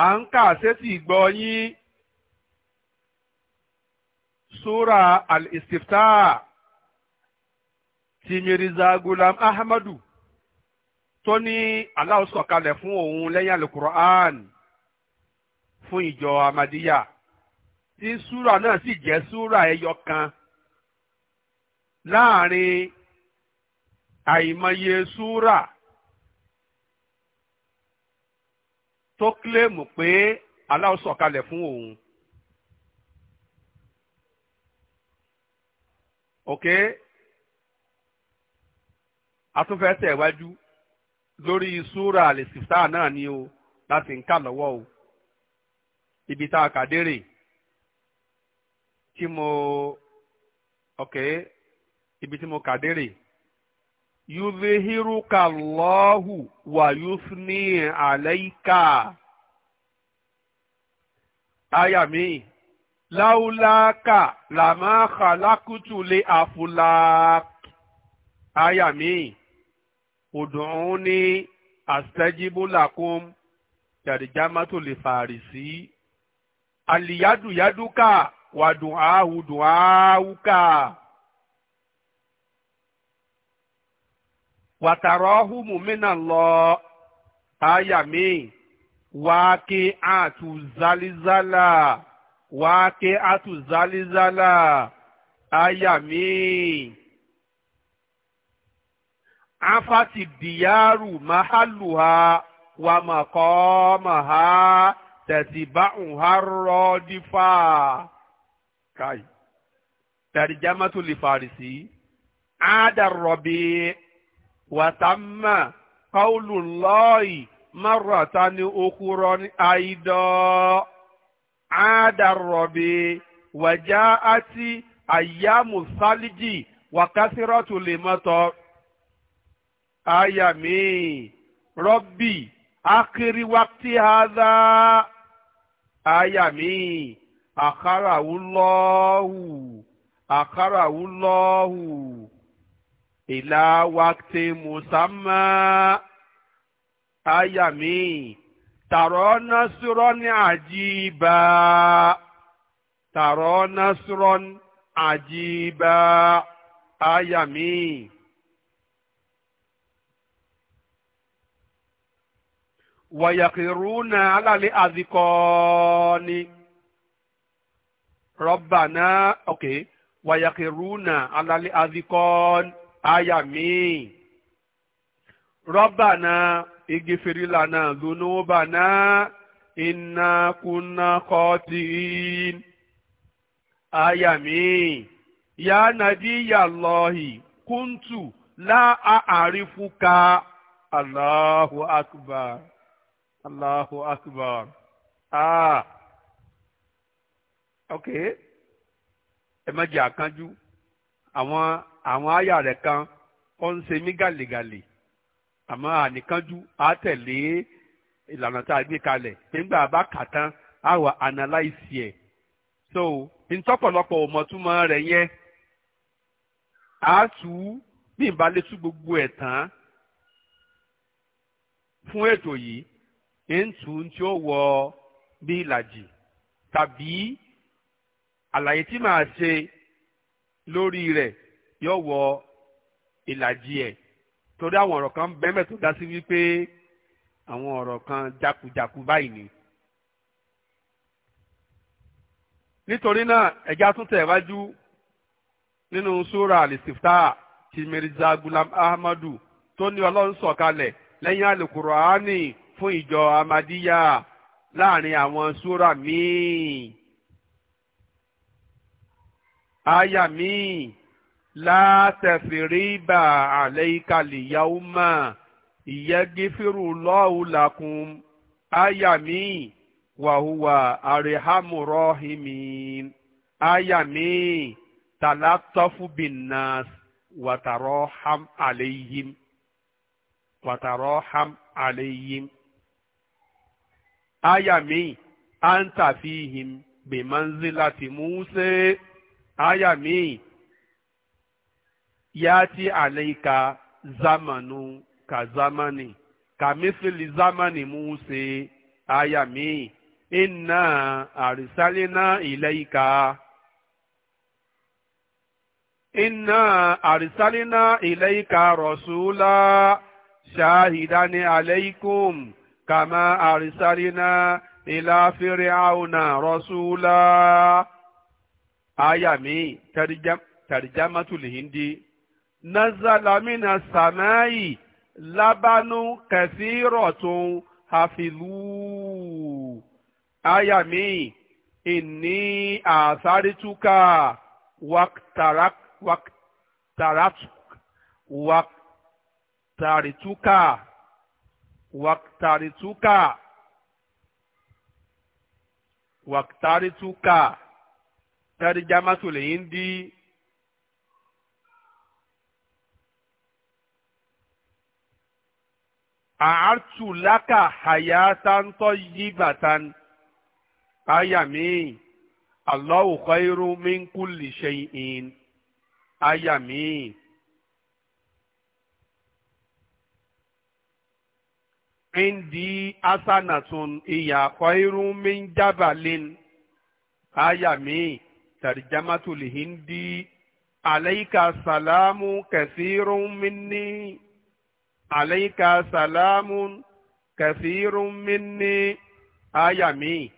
A ń kà sétí gbọ́ yín Sura al-istifta ti mirza gulam ahmadu tó ní Allah kalẹ̀ fún òun lẹ́yìn Quran fún ìjọ amadiya tí Sura náà sì jẹ́ Sura ẹyọ kan láàrin àìmọye Sura. tó kílèmù pé Allah sọ̀kalẹ̀ fún òun. ok atúnfẹ́ tẹ̀wájú lórí súra àlèsìftà náà ni o láti ń kà lọ́wọ́ o ibi tá a kà dérè tí mo ok ibi tí mo kà yudhihiruka Allahu wa yuthni alayka. Aya mi, laulaka lama khalakutu li afulak. Aya mi, ud'uni astajibu lakum tarjamatu li farisi. Aliyadu yaduka wa du'ahu du'ahuka. wàtàrọ́hùmù mínà lọ àyà míì wáàkì àtúzálízálà wáàkì àtúzálízálà àyà míì. afati diyaru mahaluha wa maqamaha tẹ̀síbáhùnhá rọ́ọ́dífà káyì tẹ̀rìjámátù lè fàrìsì wata wataa alulọi martan okwuru idd weg ati aamusa alat yam robi akiriaaayam ahaalọụ ahaaulọhụ ìlà wákìtì mùsàmá àyàmí tàrọ́ násúrọ́ ní àjíbá tàrọ́ násúrọ́ àjíbá àyàmí. ويقرون على الأذقان ربنا أوكي ويقرون على الأذقان àyà rọba na. igifiri lana na inna kunna ya àyà míì ya nabiyallahi kuntu la ka. Allahu akbar Allahu akbar ah ok. ẹ ma jẹ́ Akanju, àwọn àwọn àyà rẹ̀ kan ó ń ṣe mí gàlègàlè àmọ́ àníkánjú á tẹ̀lé ìlànà tá a gbé kalẹ̀ nígbà bá kà tán á wà analyse ẹ̀ so ntọ́pọ̀lọpọ̀ òmọ̀túmọ̀ rẹ̀ yẹn á tú bí n bá lè tú gbogbo ẹ̀ tán fún ètò yìí ntù tí ó wọ bí ìlàjì tàbí àlàyé tí màá ṣe lórí rẹ̀ yóò wọ ìlàjì ẹ̀ torí àwọn ọ̀rọ̀ kan bẹ́ẹ̀ tó dá sí wípé àwọn ọ̀rọ̀ kan jakujaku báyìí ni. nítorí náà ẹ̀já tún tẹ̀ wájú nínú súra àlìsìftà ti gulam ahmadu tó ní ọlọ́run sọ̀kalẹ̀ lẹ́yìn àlùkùránì fún ìjọ amadiya láàrin àwọn súra míì aya míì látẹ̀fìrí bá àlẹ́kàlì yàwó máa ìyẹ́gífìrù lọ́ọ̀làkùn áyàmí wàhùwà àrèhámùrọ́hìmí áyàmí tàlátọ́fùbìnàs wàtàrọ́hám àlẹ́yìn wàtàrọ́hám àlẹ́yìn áyàmí àǹtàfíhìm bìmánzílàtì múùsẹ́ áyàmí yati alayka zamanu ka zamani kàmífìlì zamani muse ayami inna arisalina ilayka inna arisalina ilayka rasula shahidani alaykum kama arisalina ila firiauna rasula ayami tarjamatul hindi nazalamina samai labanu kẹsírọ̀tún hafilú ayami inni àsárituka waktarak waktaratuk waktarituka waktarituka waktarituka tẹ́rìjámátò lèyí dí àártù lákà hayatan tayyibatan àyà mi Allahu khairu min kulli shay'in àyà mi. indi asanatun iya khairu min jabalin àyà mi tarjamatul hindi alayka salamu kathirun minni alayka salamun kathirun minni ayami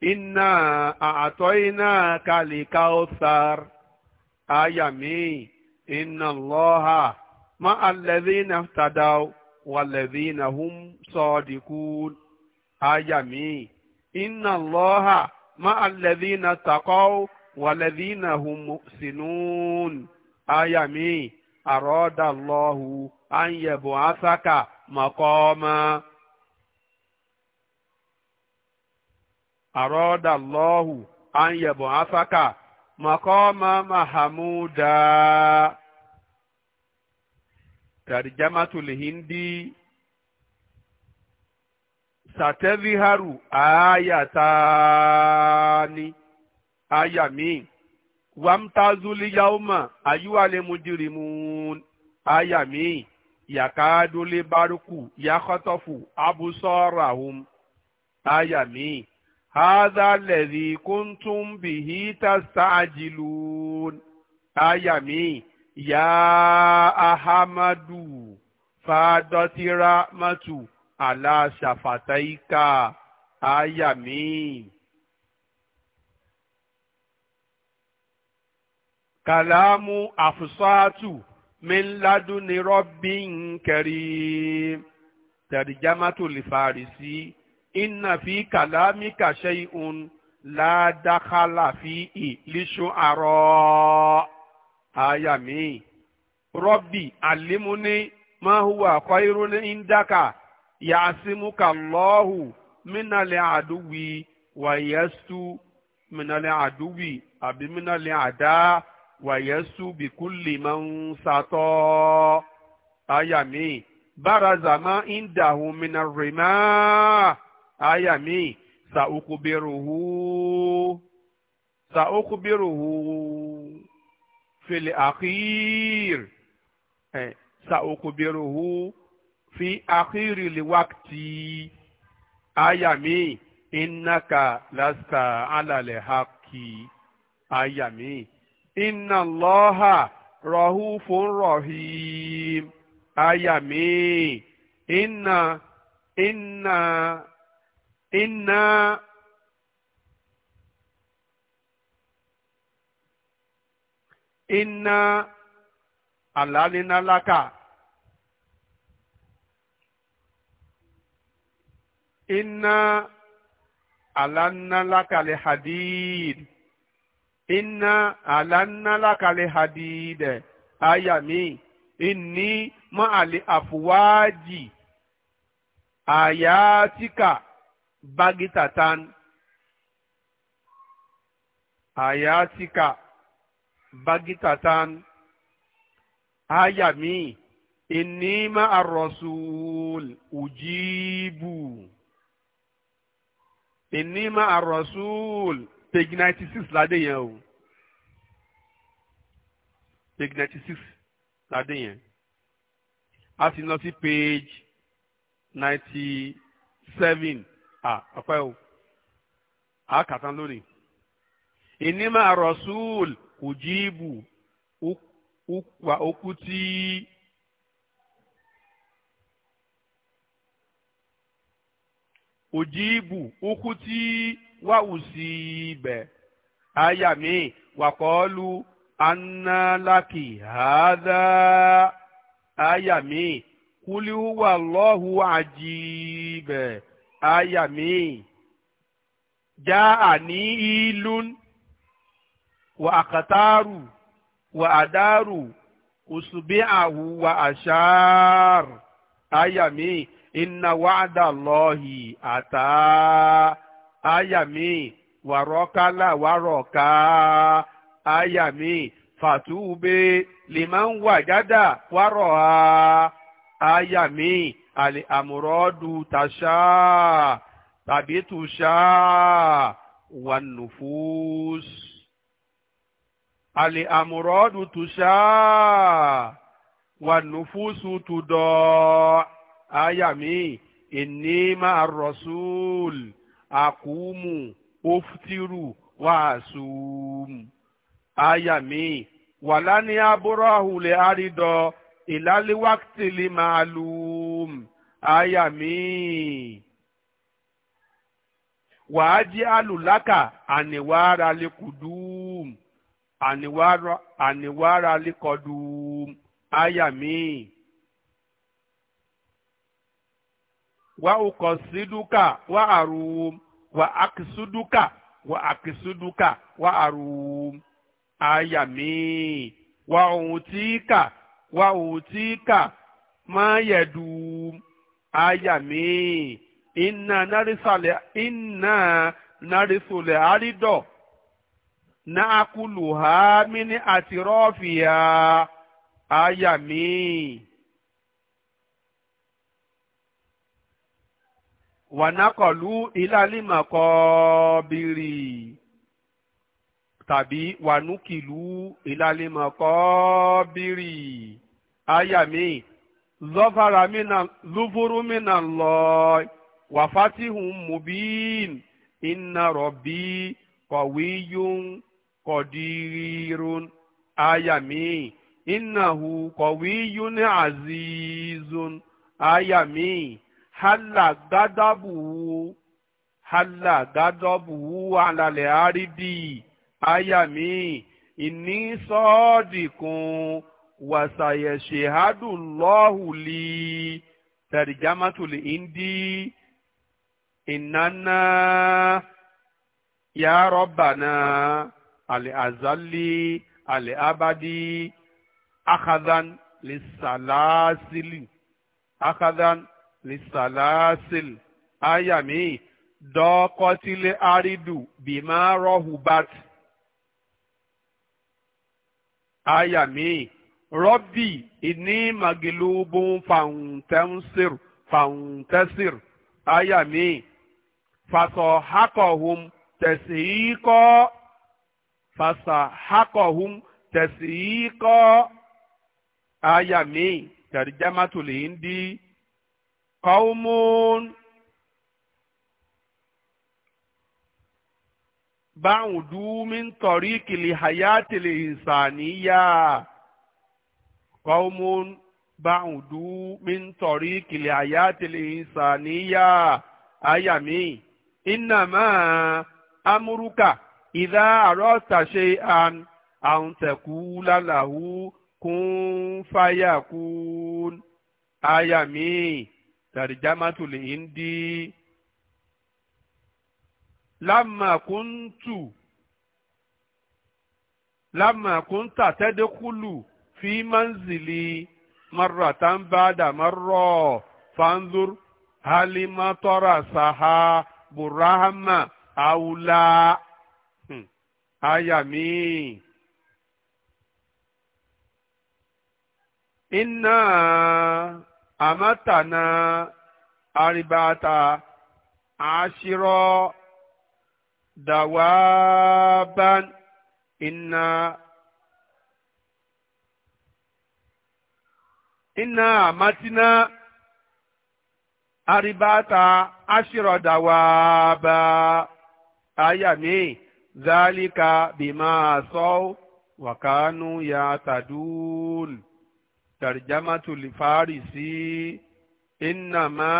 inna a'tainaka likawthar ayami inna allaha ma'a alladhina ihtadaw walladhina hum sadiqun ayami inna allaha ma'a alladhina taqaw walladhina hum muhsinun ayami arada allahu ànyẹ̀bù àsákà mọ̀kọ́ ọmọ. àròdà lọ́hù ànyẹ̀bù àsákà mọ̀kọ́ ọmọ mahamuda. ترجمة الهندي ستظهر آيتان آية مين وامتازوا اليوم أيها المجرمون آية مين yàkádólé baruku yàkọ́tọ̀fù abúsọ́ràhùn táyà míì hádà lẹ́dí kúntùm bìhí tàṣájìlún táyà míì yá ahamadu fadotira matu ala táyà ayami kalamu àfùsọ́àtù min laduni rabbin karim tarjamatu lifarisi inna fi kalamika shay'un la dakhala fihi lishu'ara aya mi rabbi allimuni ma huwa khairun indaka ya'simuka allahu min al-aduwi wa yastu min al-aduwi abi min al-ada wàyẹ́sù bìkúlì máa ń sàtọ́ ayàmí báraza máa ń dàhùn mìíràn rèmá ayàmí sàókùbẹ̀rùhù sàókùbẹ̀rùhù fìlẹ̀ àkìr ẹ̀ sàókùbẹ̀rùhù fi àkìr lìwákìtì ayàmí ìnáka lásìkà alàlẹ̀ hàkì ayàmí. inna Allaha rahufun rahim àyà míì inna inna inna. inna àlálínàlákà inna hadid. inna alanna kale hadide aya mi inni ma ali afuwaji ayatika bagitatan ayatika bagitatan aya mi inni ma arrasul ujibu inni ma arrasul page ninety six ládé yẹn o page ninety six ládé yẹn a sì lọ sí page ninety seven ah ọ̀pẹ́ o a kà tán lónìí ìnímọ̀ rasul kò jíìbù wà okú tí. Ojibu okuti wa wusi ibe wa mi wakọ ọlụ analaki hada aya mi kuli huwa lọhu aji ibe aya ja ani ilun wa akataru wa adaru usubi ahu wa ashar aya mi inna wada lọhi ata. àyà míì wàrọ́kálà wàrọ́ká àyà míì fàtúbé lèmọ́ ń wà jádà wàrọ̀ ha àyà míì àlè àmúrọ́dù tàṣà tàbí tùṣà wà nùfúùs. àlè àmúrọ́dù ofutiru, àkúmù òfutiru wàásùm àyà mi wàlá ní abúrọ́hù lè àrídọ̀ ìlàlíwákìtì lè màálùm àyà mi wàájí alùlákà àníwára lẹ́kùdùm àníwára lẹ́kọ̀dùm àyà mi. wa ukọsiduka wa arum wa akisuduka wa akisuduka wa arum ayami wa utika wa utika ma yadum ayami inna narisale inna narisule arido ha mini atirọfiya ayami. wanakọlu ìlàlímọ̀kọ́ bìrì tàbí wanukilu ìlàlímọ̀kọ́ bìrì ayàmí zọ́fàrà mínà zúfúrú mínà lọ wàfátìhùn mubin iná rọ̀bí kọ̀wíyún kọ̀dírírún ayàmí innahu kọ̀wíyún azizun ayami hálà gádàbùwù hálà gádàbùwù àlàlẹ̀ àrídì àyàmí ìní sọ́ọ̀dìkùn wàṣàyẹ̀ṣẹ̀ hádùlọ́hùlì tẹ̀rìjámátùlì ìndí ìnáná yàrọ̀bànà àlẹ́ àzálí àlẹ́ abádí akhadan lè sàlásílì akhadan lisalasil ayami dọ́kọ́tílé àrídù bímá rọ́hùbát ayami rọ́bì ìní màgìlúbù fàǹtẹ́sìr fàǹtẹ́sìr ayami fasọ̀hákọ̀hùm tẹ̀síkọ́ fasọ̀hákọ̀hùm tẹ̀síkọ́ ayami tẹ̀rìjẹ́mátòlè ń قوم بعدوا من طريق لحياة الإنسانية قوم بعدوا من طريق لحياة الإنسانية أيامي إنما أمرك إذا أردت شيئا أن تقول له كن فيكون أيامي tàrìjámátù lè ń dí lámàkúntù lámàkúntà tẹ́dẹ́kúlù fi manzili marratan bada marra fanzur halimatọ́ra saha burahama awula hmm. ayami. inna àmọ́tànà àríbàtà àṣírọ́ dàwábán iná iná àmátínà àríbàtà àṣírọ́ dàwábá àyàmí zálíkà bímá àṣọ wàkánú yàtàdúùn tàrìjámátù lè fàárì sí innama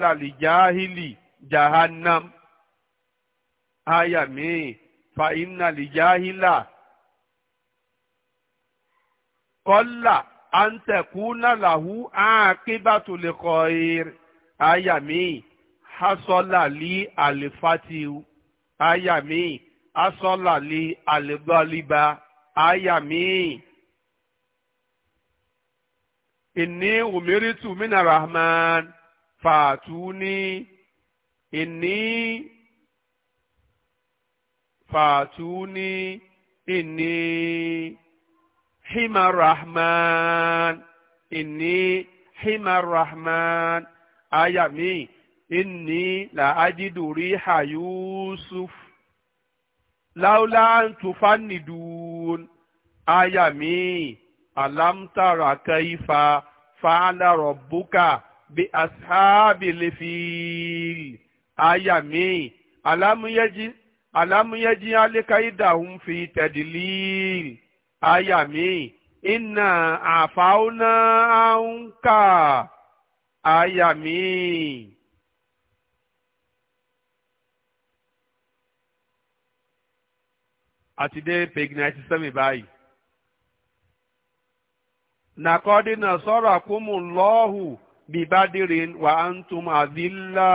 làlìjáhìlì jahannam ayàmí fa inna lìjáhìlà kọ́là àǹtẹ̀kúnà làhú àákébàtò lè kọ́ eré ayàmí hasọ́là lí àlèfàtìwù ayàmí hasọ́là lí àlèbọ́líba ayàmí inni umiritu mina rahman fatuni inni fatuni inni himar rahman inni himar rahman aya mi inni la ajidu riha yusuf laula an tufannidun aya alamtara kaifa fa'ala rabbuka bi ashabil fil aya mi alamuyeji alamuyeji alikaidahum fi tadlil aya mi inna afauna anka aya mi. àti dé page ninety seven báyìí nàkọ́dínà sọ́rọ̀ àkómù lọ́hù bíbádìrín wà á ń tún àdílà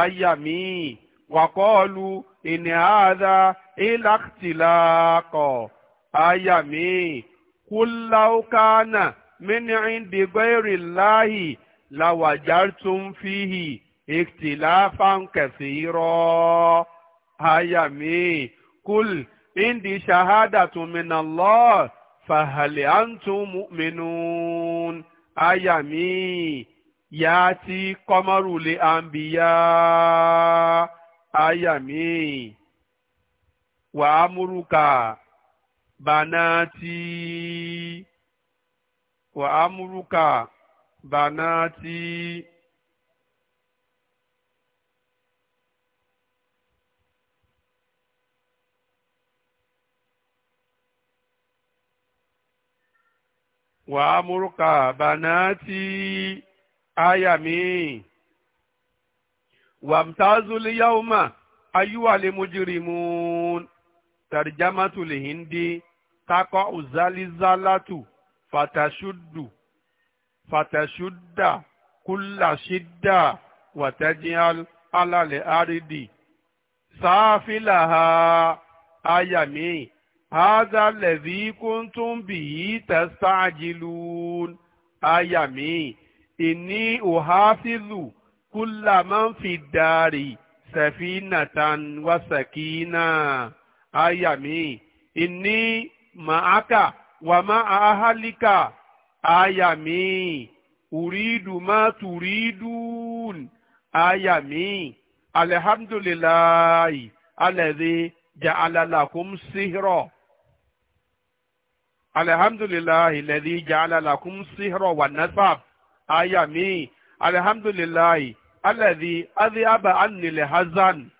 ayàmí wàkọ́ọ̀lù ìnìhàdà ìlàkìtìlákọ̀ ayàmí kúláukánà mínìndínlẹ́rì láhì làwàjártún fìhì ìkìtìláfàn kẹsìrọ̀ ayàmí kúl ìndí ṣahádà tùmínà lọ́ọ̀. Fahali, antum mu'minun aya mi yati ti kọmarule ambiya aya wa amuruka banati wa amuruka banati. wà á múrúkà bànáàtì àyà mi wàmtazul yawma ayúwàlẹ̀ mujrimun tàrìjámàtù lè hindi takọ uzalizalatu fatashuddu fatashudda kulla shidda watajal aridi sáfìlà ha àyà mi hádà lẹ́bí kúntùn bìí tẹ́sítàjìlún àyà mi ìní òháfíìlù kúlà máa ń fi dàrí sẹ̀fínàtàn wàsàkínà àyà mi ìní màákà wà má àhálíkà àyà mi ùrídù má tùrídùn àyà mi alihamdulilayi alẹ́dẹ́ jẹ́ alalakum sihirọ́ alihamdulilayi lẹ́dí ja'ala lakum sihra wa nasab aya mi alihamdulilayi alẹ́dí adhiaba anil hazan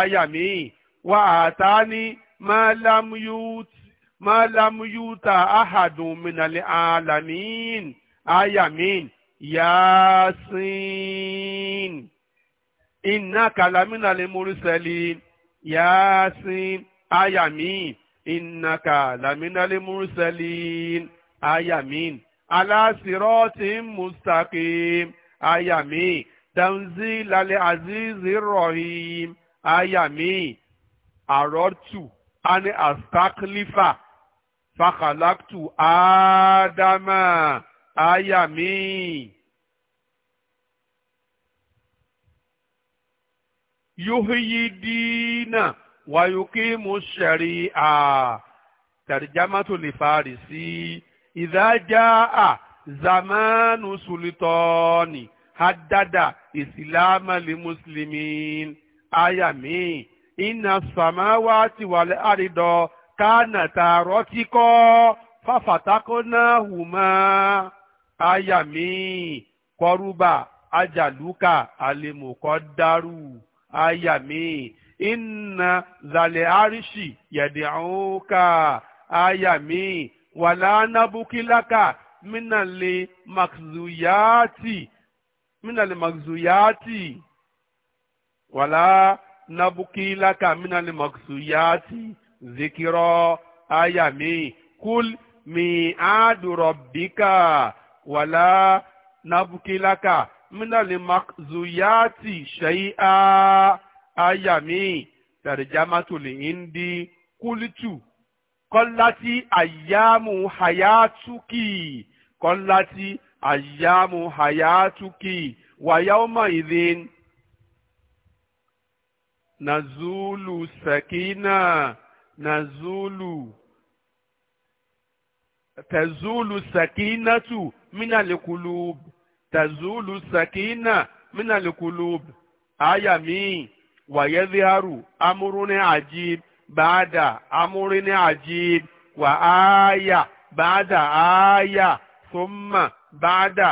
aya mi wa atani ma lam yut ma lam yuta ahadun minal alamin aya mi yasin innaka laminal mursalin yasin aya innaka laminali mursalin ayamin alasirọtin mustaqim ayamin tanzilali azizi rahim ayamin arọtu ani astaklifa fakalaktu adama ayamin. yuhyi diina wàyùkímù ṣẹ̀rí à tàríjámátò lè fàárì sí ìdájá à zamanu sulitọ́ọ̀nì haddada ìsìlámà lè mùsùlùmí ayàmí iná sàmáwá ti wà láàrídọ̀ kánà tààrọ́ tí kọ́ fàfàtàkọ́ náà hùmá ayàmí iná zàlẹ̀ àríṣì yẹ̀dẹ̀ àwọn ká àyà mi wàlá nábùkílákà mínàlè màkzùyàtì mínàlè màkzùyàtì wàlá nábùkílákà mínàlè màkzùyàtì zikirọ àyà mi kúl mi àdùrọ̀ bíkà wàlá nábùkílákà mínàlè màkzùyàtì ṣẹ́yí aya míì tẹ̀rẹ̀jámátò lè ń di kúlítù kọ́láti àyámù hayátúkì kọ́láti àyámù hayátúkì wàyáwọ́mọ̀ ìdín nazulu sakina nazulu tazulu sakinatu min minalikulub tazulu sakina minalikulub aya míì. wàyẹ́díhàrù amúrúní àjíb bàdà amúrúní àjíb wà áyà bàdà áyà summa bàdà